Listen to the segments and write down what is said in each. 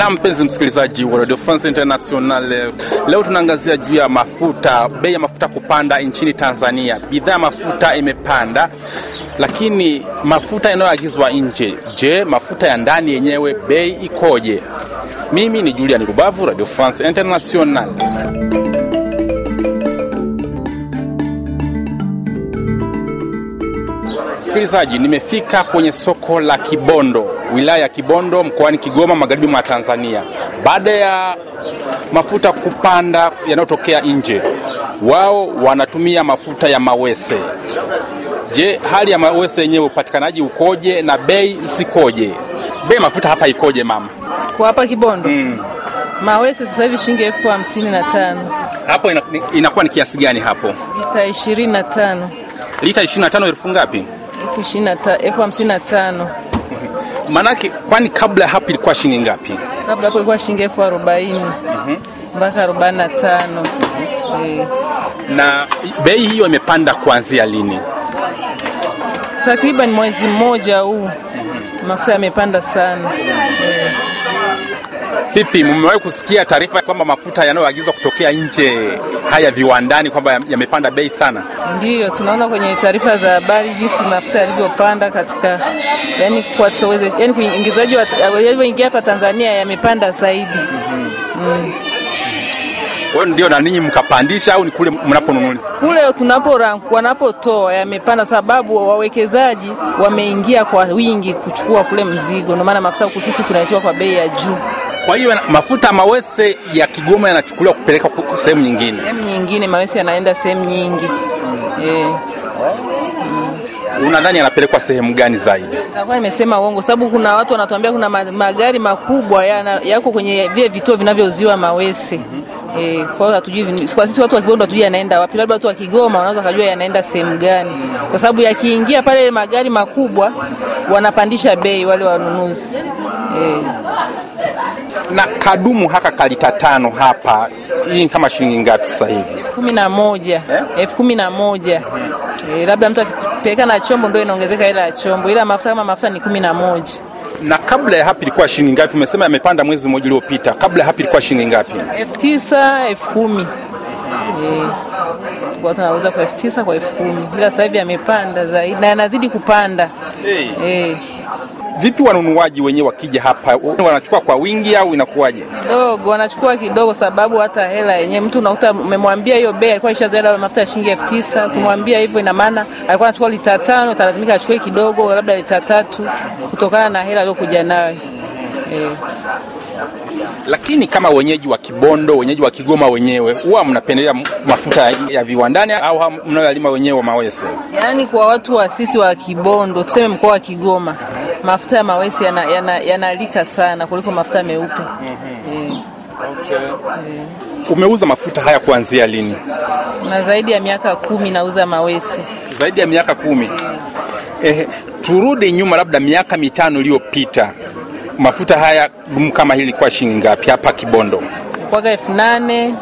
Na mpenzi msikilizaji wa Radio France International, leo tunaangazia juu ya mafuta, bei ya mafuta kupanda nchini Tanzania. Bidhaa ya mafuta imepanda, lakini mafuta yanayoagizwa nje, je, mafuta ya ndani yenyewe bei ikoje? Mimi ni Julian Rubavu, Radio France International. Msikilizaji, nimefika kwenye soko la Kibondo wilaya ya Kibondo mkoani Kigoma magharibi mwa Tanzania. Baada ya mafuta kupanda yanayotokea nje, wao wanatumia mafuta ya mawese. Je, hali ya mawese yenyewe upatikanaji ukoje na bei zikoje? Bei mafuta hapa ikoje mama? Kwa hapa Kibondo mm. Mawese sasa hivi shilingi elfu hamsini na tano. Hapo ina, inakuwa ni kiasi gani hapo? Lita 25. Lita 25 elfu ngapi? Elfu Maanake kwani kabla hapo ilikuwa shilingi ngapi? Kabla hapo ilikuwa shilingi elfu arobaini mhm. mpaka arobaini na tano. Eh. Na bei hiyo imepanda kuanzia lini? Takriban mwezi mmoja huu mhm. mafuta yamepanda sana. Eh. Vipi, mmewahi kusikia taarifa kwamba mafuta yanayoagizwa kutokea nje haya viwandani kwamba yamepanda bei sana? Ndiyo, tunaona kwenye taarifa za habari jinsi mafuta yalivyopanda katika yani, katika yani uingizaji yalivyoingia hapa Tanzania yamepanda zaidi. mm -hmm. mm. Kwa hiyo ndio na ninyi mkapandisha au ni kule mnaponunua? Kule tunapo wanapotoa yamepanda, sababu wawekezaji wameingia kwa wingi kuchukua kule mzigo, ndio maana mafuta huku sisi tunaitiwa kwa bei ya juu. Kwa hiyo mafuta mawese ya Kigoma yanachukuliwa kupeleka sehemu nyingine, sehemu nyingine, mawese yanaenda sehemu nyingi hmm. Eh. E. Mm. Unadhani yanapelekwa sehemu gani zaidi? Nakuwa nimesema uongo, sababu kuna watu wanatuambia kuna magari makubwa yana, yako kwenye vile vituo vinavyoziwa mawese mm E, kwa hiyo hatujui kwa sisi watu wa Kibondo hatujui yanaenda wapi, labda watu wa Kigoma wanaweza kujua yanaenda sehemu gani, kwa sababu yakiingia pale magari makubwa wanapandisha bei wale wanunuzi e na kadumu haka kalita tano hapa, hii kama shilingi ngapi sasa hivi? kumi na moja eh? elfu kumi na moja e, labda mtu akipeleka na chombo ndio inaongezeka hela ya chombo, ila mafuta kama mafuta ni kumi na moja na kabla ya hapo ilikuwa shilingi ngapi? Umesema yamepanda mwezi mmoja uliopita. Kabla ya hapo ilikuwa shilingi ngapi? elfu tisa elfu kumi eh, tulikuwa tunauza kwa elfu tisa kwa elfu kumi ila sasa hivi yamepanda zaidi na yanazidi kupanda hey. Hey. Vipi wanunuaji wenyewe wakija hapa wanachukua kwa wingi au inakuwaje? Kidogo wanachukua kidogo, sababu hata hela yenyewe mtu unakuta umemwambia hiyo bei, alikuwa ishazoea mafuta ya shilingi elfu tisa kumwambia hivyo, ina maana alikuwa anachukua lita tano, atalazimika achukue kidogo, labda lita tatu, kutokana na hela aliyokuja nayo eh. Lakini kama wenyeji wa Kibondo, wenyeji wa Kigoma wenyewe huwa mnapendelea mafuta ya viwandani au mnayolima wenyewe mawese? Yaani kwa watu wa sisi wa Kibondo, tuseme mkoa wa Kigoma mafuta ya mawesi yanalika yana, yana sana kuliko mafuta meupe. mm -hmm. Okay. Eh. Umeuza mafuta haya kuanzia lini? Na zaidi ya miaka kumi nauza mawesi. Zaidi ya miaka kumi. E. turudi nyuma labda miaka mitano iliyopita, mafuta haya dumu kama hili ilikuwa shilingi ngapi hapa Kibondo? Kwaga elfu nane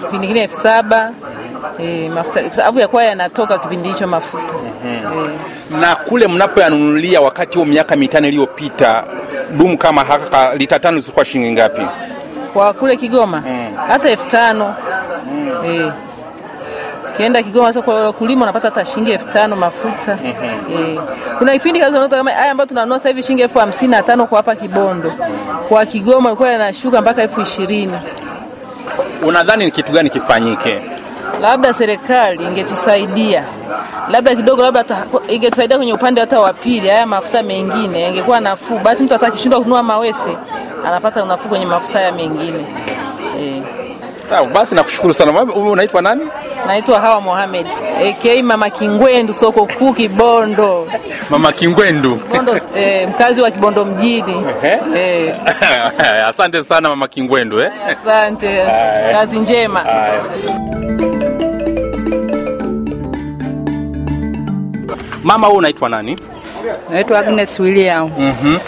kipindi kingine elfu saba E, mafuta kwa sababu yakuwa yanatoka kipindi hicho mafuta mm -hmm. E. Na kule mnapoyanunulia wakati huo miaka mitano iliyopita, dumu kama haka lita tano zilikuwa shilingi ngapi kwa kule Kigoma? mm. hata elfu tano mm. E. Kienda Kigoma sasa, kwa kulima unapata hata shilingi elfu tano mafuta mm -hmm. E. Kuna kipindi kabisa kama haya ambayo tunanunua sasa hivi shilingi elfu hamsini na tano kwa hapa Kibondo, kwa Kigoma ilikuwa yanashuka mpaka elfu ishirini. Unadhani ni kitu gani kifanyike? labda serikali ingetusaidia labda kidogo, labda ingetusaidia kwenye upande hata wa pili, haya mafuta mengine ingekuwa nafuu. Basi mtu atakishindwa kununua mawese anapata unafuu kwenye mafuta haya mengine e. Sawa basi, nakushukuru sana. Unaitwa nani? Naitwa Hawa Mohamed aka Mama Kingwendu, soko kuu Kibondo. Mama Kingwendu Kibondo, eh, mkazi wa Kibondo mjini eh. Asante sana Mama Kingwendu eh. Asante, kazi njema. Aya. Mama, wewe unaitwa nani? Naitwa Agnes William. Mhm.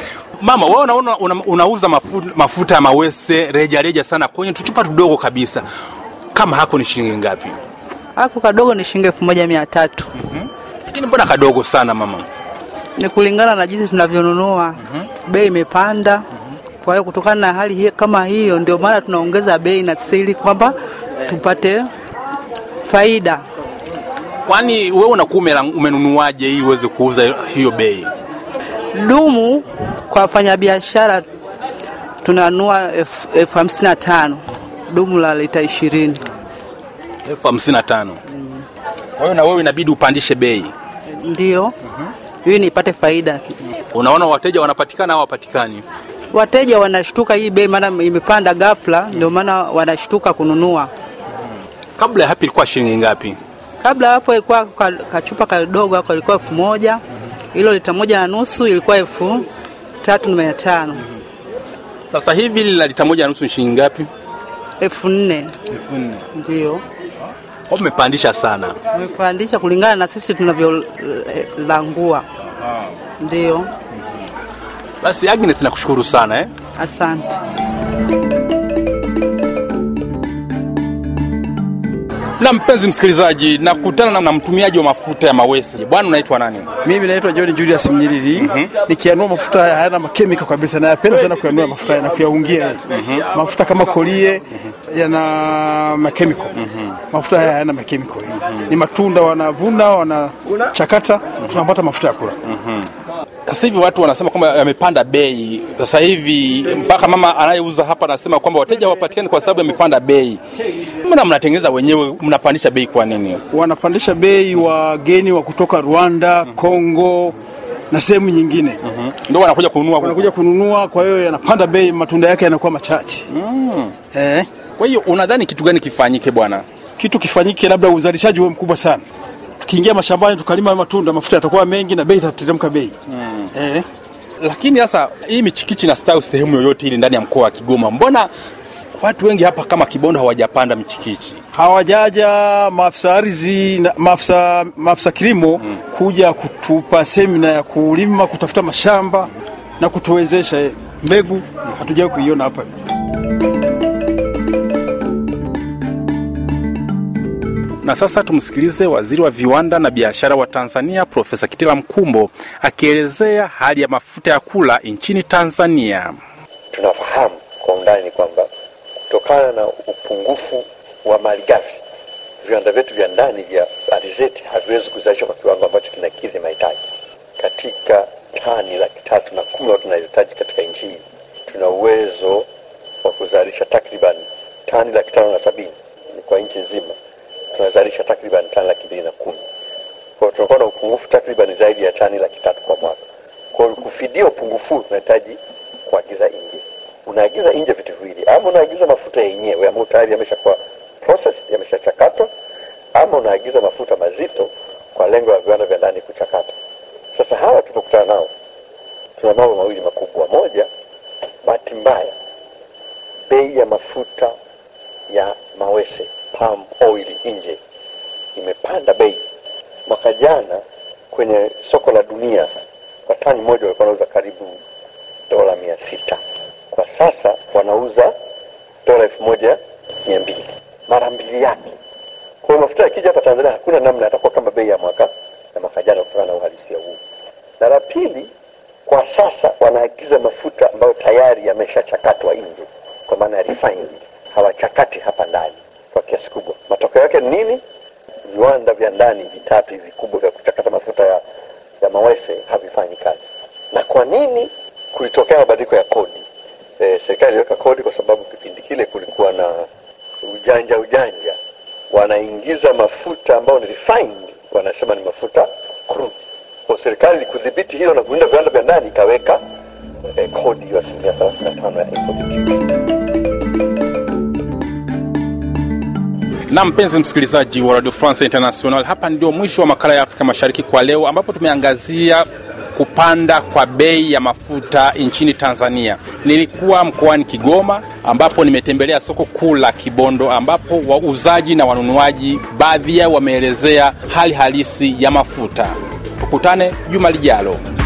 Mama, wewe unaona unauza mafuta, mafuta ya mawese reja reja sana kwenye tuchupa tudogo kabisa. Kama hako ni shilingi ngapi? Hako kadogo ni shilingi 1300. Mhm. Lakini mbona kadogo sana mama? Ni kulingana na jinsi tunavyonunua. Mm Bei imepanda. Mm -hmm. Kwa hiyo kutokana na hali hii kama hiyo ndio maana tunaongeza bei na sili kwamba tupate faida. Kwani wewe unakuwa umenunuaje hii uweze kuuza hiyo bei? Dumu kwa wafanyabiashara tunanua elfu hamsini na tano dumu la lita ishirini elfu hamsini na tano Kwa hiyo na wewe inabidi upandishe bei, ndio mm -hmm. Hii nipate faida. Unaona wateja wanapatikana au wapatikani? Wateja wanashtuka hii bei, maana imepanda ghafla, ndio maana wanashtuka kununua. Kabla ya hapo ilikuwa shilingi ngapi? Kabla hapo ilikuwa kachupa kadogo hapo ilikuwa elfu moja hilo lita moja na nusu ilikuwa elfu tatu na mia tano Sasa hivi lina lita moja na nusu ni shilingi ngapi? elfu nne Ndio umepandisha sana, umepandisha kulingana na sisi tunavyolangua. Eh, Ndio basi. Agnes, nakushukuru sana eh? Asante. Na mpenzi msikilizaji, nakutana na, na mtumiaji wa mafuta ya mawesi Bwana, unaitwa nani? Mimi naitwa John Julius Mnyiriri. mm -hmm. Nikianua mafuta haya hayana makemika kabisa, nayapenda sana kuyanua mafuta haya na kuyaungia. mm -hmm. Mafuta kama kolie mm -hmm. yana makemiko. mm -hmm. Mafuta haya hayana makemiko. mm -hmm. Ni matunda wanavuna, wanachakata. mm -hmm. Tunapata mafuta ya kula. mm -hmm. Sasa hivi watu wanasema kwamba yamepanda bei. Sasa hivi mpaka mama anayeuza hapa anasema kwamba wateja wapatikani kwa sababu yamepanda bei mbona mnatengeneza wenyewe, mnapandisha bei kwa nini? Wanapandisha bei wageni wa kutoka Rwanda, Kongo mhm. na sehemu nyingine mm-hmm. Ndio wanakuja kununua, wanakuja kununua, kwa hiyo yanapanda bei, matunda yake yanakuwa machache mm. Eh, kwa hiyo unadhani kitu gani kifanyike bwana? Kitu kifanyike, labda uzalishaji uwe mkubwa sana. Tukiingia mashambani tukalima matunda, mafuta yatakuwa mengi na bei itateremka bei mm. Eh, lakini sasa hii michikichi na stawi sehemu yoyote ile ndani ya mkoa wa Kigoma, mbona Watu wengi hapa kama Kibondo hawajapanda mchikichi, hawajaja maafisa ardhi, maafisa maafisa kilimo mm. kuja kutupa semina ya kulima, kutafuta mashamba na kutuwezesha mbegu mm. hatujawahi kuiona hapa. Na sasa tumsikilize waziri wa viwanda na biashara wa Tanzania Profesa Kitila Mkumbo akielezea hali ya mafuta ya kula nchini Tanzania. Tunafahamu kwa undani kwa kutokana na upungufu wa malighafi. Viwanda vyetu vya ndani vya alizeti haviwezi kuzalisha kwa kiwango ambacho kinakidhi mahitaji. Katika tani laki tatu na kumi watu tunahitaji katika nchi hii, tuna uwezo wa kuzalisha takriban tani laki tano na sabini kwa nchi nzima tunazalisha takriban tani laki mbili na kumi kwao, tunakuwa na upungufu takriban zaidi ya tani laki tatu kwa mwaka. kwao kufidia upungufu tunahitaji kuagiza nje unaagiza nje vitu viwili, ama unaagiza mafuta yenyewe ambayo tayari yameshakuwa processed, yameshachakatwa, ama unaagiza mafuta mazito kwa lengo la viwanda vya ndani kuchakata. Sasa hawa tumekutana nao, tuna mambo mawili makubwa. Moja, bahati mbaya bei ya mafuta ya mawese palm oil nje imepanda bei. Mwaka jana kwenye soko la dunia kwa tani moja walikuwa wanauza karibu dola mia sita. Kwa sasa wanauza dola elfu moja mia mbili mara mbili yake. Kwa hiyo mafuta yakija hapa Tanzania hakuna namna yatakuwa kama bei ya mwaka na mwaka jana, kutokana na uhalisia huu. Na la pili, kwa sasa wanaagiza mafuta ambayo tayari yameshachakatwa nje, kwa maana ya refined, hawachakati hapa ndani kwa kiasi kubwa. Matokeo yake ni nini? Viwanda vya ndani vitatu vikubwa vya kuchakata mafuta ya, ya mawese havifanyi kazi. Na kwa nini? Kulitokea mabadiliko ya kodi e, serikali iliweka kodi kwa sababu kipindi kile kulikuwa na ujanja ujanja, wanaingiza mafuta ambayo ni refined, wanasema ni mafuta crude. Kwa serikali kudhibiti hilo na kulinda viwanda vya ndani ikaweka e, kodi ya asilimia 35 ya import na mpenzi msikilizaji wa Radio France International, hapa ndio mwisho wa makala ya Afrika Mashariki kwa leo, ambapo tumeangazia kupanda kwa bei ya mafuta nchini Tanzania. Nilikuwa mkoani Kigoma ambapo nimetembelea soko kuu la Kibondo ambapo wauzaji na wanunuaji baadhi yao wameelezea hali halisi ya mafuta. Tukutane juma lijalo.